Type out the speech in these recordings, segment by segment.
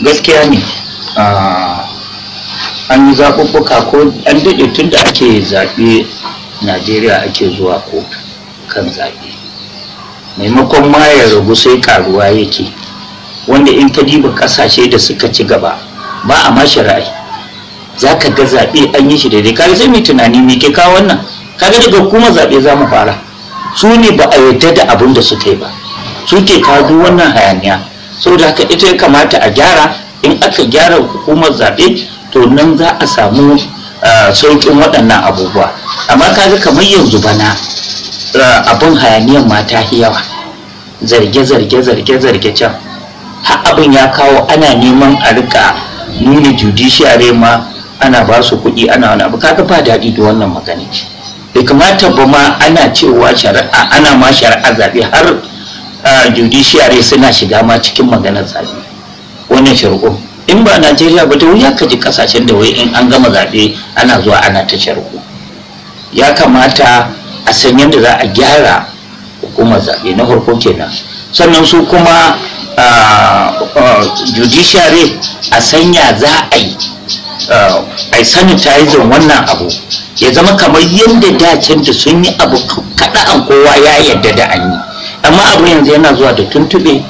gaskiya ne ah, an yi zaɓuɓɓuka ko an daɗe tun da ake zaɓe najeriya ake zuwa kotu kan zaɓe maimakon ma ya ragu sai karuwa yake wanda in ka diba ƙasashe da suka ci gaba ba a ma shari'ai za ka ga zaɓe an yi shi daidai kaga sai mai tunani me ke kawo wannan kaga daga kuma zaɓe za mu fara su ne ba a yarda da abin da suka yi ba suke kawo wannan hayaniya saboda haka ita ya kamata a gyara in aka gyara hukumar zaɓe to nan za a samu ah, sauƙin waɗannan abubuwa amma kaga kamar yanzu bana ah, abin hayaniyar mata yawa zarge zarge zarge zarge can har abin ya kawo ana neman a rika nuna judiciary ma ana ba su kuɗi ana wani abu kaga ba daɗi da wannan magana bai kamata ba ma ana cewa shari'a ana ma shari'a zaɓe har judiciary suna shiga ma cikin maganar zaɓe wannan shirko in ba najeriya ba ta wuya ka ji kasashen da wai in an gama zaɓe ana zuwa ana ta shirko ya kamata a san yadda za a gyara hukumar zaɓe na farko kenan sannan su kuma judiciary a sanya za a yi a sanitizing wannan abu ya zama kamar yadda dacin da sun yi abu kaɗa'an kowa ya yarda da an yi amma abu yanzu yana zuwa da tuntube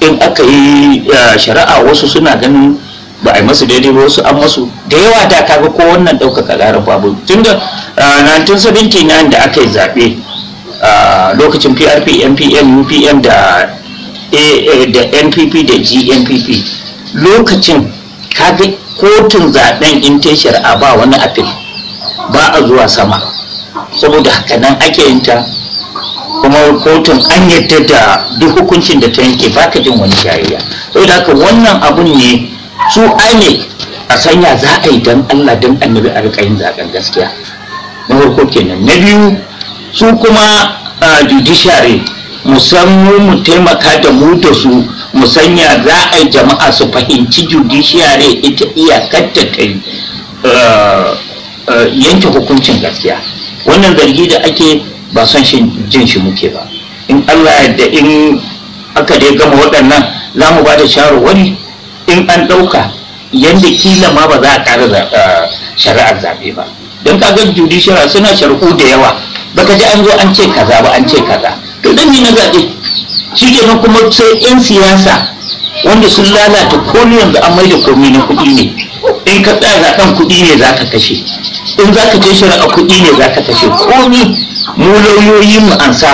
in aka yi eh, shari'a wasu suna ganin ba a yi masu daidai ba wasu an masu da yawa da kaga ko wannan ɗaukaka ƙarar babu tun da 1979 da aka yi zaɓe eh, lokacin prp npn upn da npp da gnpp lokacin kaga kotun zaɓen in ta shari'a ba wani afil ba a zuwa sama saboda haka nan ake yin ta kuma kotun an yadda da duk hukuncin da ta yanke baka jin wani shari'a saboda haka wannan abun ne su INEC a sanya za a yi don Allah don annabi a rika yin zaben gaskiya na farko kenan na biyu su kuma judiciary musamman mu taimaka da mu da su mu sanya za a yi jama'a su fahimci judiciary ita iyakar ta yanke hukuncin gaskiya wannan zargi da ake ba son shi jin shi muke ba in allah da in aka dai gama waɗannan za mu ba da shawarwari in an ɗauka yadda kila ma ba za a ƙara shari'ar zaɓe ba don kaga judiciary suna sharhu da yawa baka ji an zo an ce kaza ba an ce kaza to dan na zaɓe shi kenan kuma sai 'yan siyasa wanda sun lalata komai yanzu an mai da komi na kuɗi ne in ka tsaya zaɓen kuɗi ne za ka kashe in za ka je a kuɗi ne za ka kashe komi mu lauyoyi mu ansa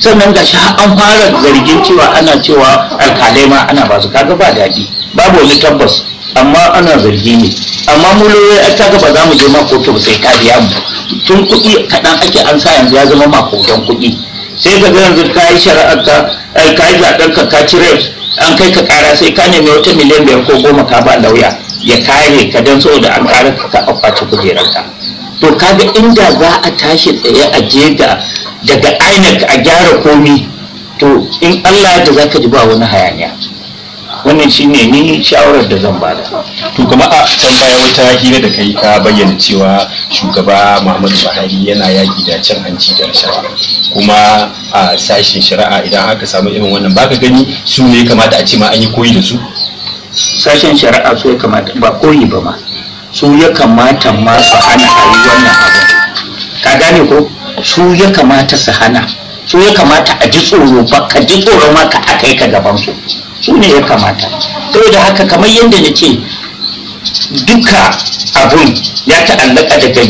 sannan gashi har an fara zargin cewa ana cewa alkalai ma ana ba su kaga ba daɗi babu wani tabbas amma ana zargi ne amma mu lauyoyi a kaga ba za mu je ma kotu ba sai ka mu tun kuɗi kaɗan ake an sa yanzu ya zama makotan kuɗi sai ka ga yanzu ka yi shari'ar ka ka yi zaɓen ka ka ci an kai ka ƙara sai ka nemi wata miliyan biyar ko goma ka ba lauya ya kare ka don da an kare ka ka kujerar kujeranka to kaga inda za a tashi tsaye a je da daga INEC a gyara komi to in Allah da zaka ji ba wani hayaniya wannan shi ne, ni shawarar da zan bada to kuma a can baya wata hira da kai ka bayyana cewa shugaba Muhammadu Buhari yana yaki da cin hanci da rashawa kuma a sashen shari'a idan aka samu irin wannan baka gani su ne kamata a ce ma an yi koyi da su sashen shari'a su ya kamata ba koyi ba ma su ya kamata ma su hana a yi wannan abu ka gane ko su ya kamata su hana su ya kamata a ji tsoro ba ka ji tsoro ma ka aka yi ka gaban su su ne ya kamata saboda haka kamar yadda na ce duka abun ya ta'allaka daga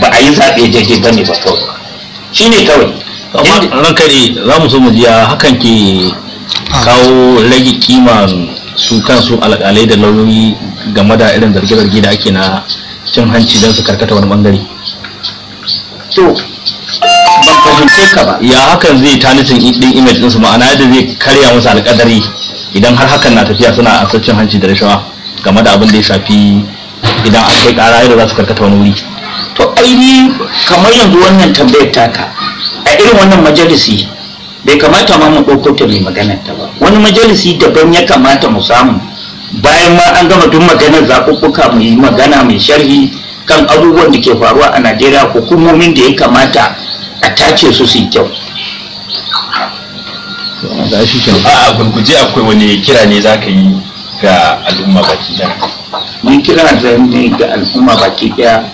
ba a yi zaɓe daidai ba ne ba kawai shi ne kawai amma rankari za mu so mu ji hakan ke kawo rage kiman su kansu alƙalai da lauyoyi game da irin zarge-zarge da ake na cin hanci don su karkata wani bangare to ban fahimce ka ba ya hakan zai ta nufin din image ɗinsu ma'ana yadda zai karya musu alƙadari idan har hakan na tafiya suna asar cin hanci da rashawa game da abin da ya shafi idan an kai ƙara yadda za su karkata wani wuri to aini kamar yanzu wannan tambayar taka a irin wannan majalisi bai kamata ma mu ɗauko ta mai magana ta ba wani majalisi daban ya kamata mu samu bayan ma an gama duk maganar zaɓuɓɓuka mu yi magana mai sharhi kan abubuwan da ke faruwa a najeriya hukumomin da ya kamata a tace su su kyau a gurguje akwai wani kira ne za ka yi ga al'umma baki ɗaya mun kira zai ne ga al'umma baki ɗaya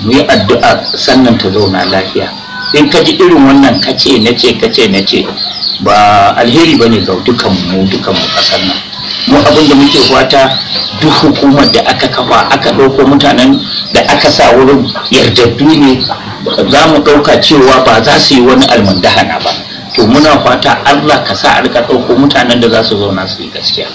mu yi addu'a sannan ta zauna lafiya in ka ji irin wannan kace na ce kace na ce ba alheri ba ne ga dukan mu kasar nan mu abin da muke fata duk hukumar da aka kafa aka ɗauko mutanen da aka sa wurin yardaddu ne za mu ɗauka cewa ba za su yi wani almundahana ba to muna fata allah ka sa a rika ɗauko mutanen da za su zauna su yi gaskiya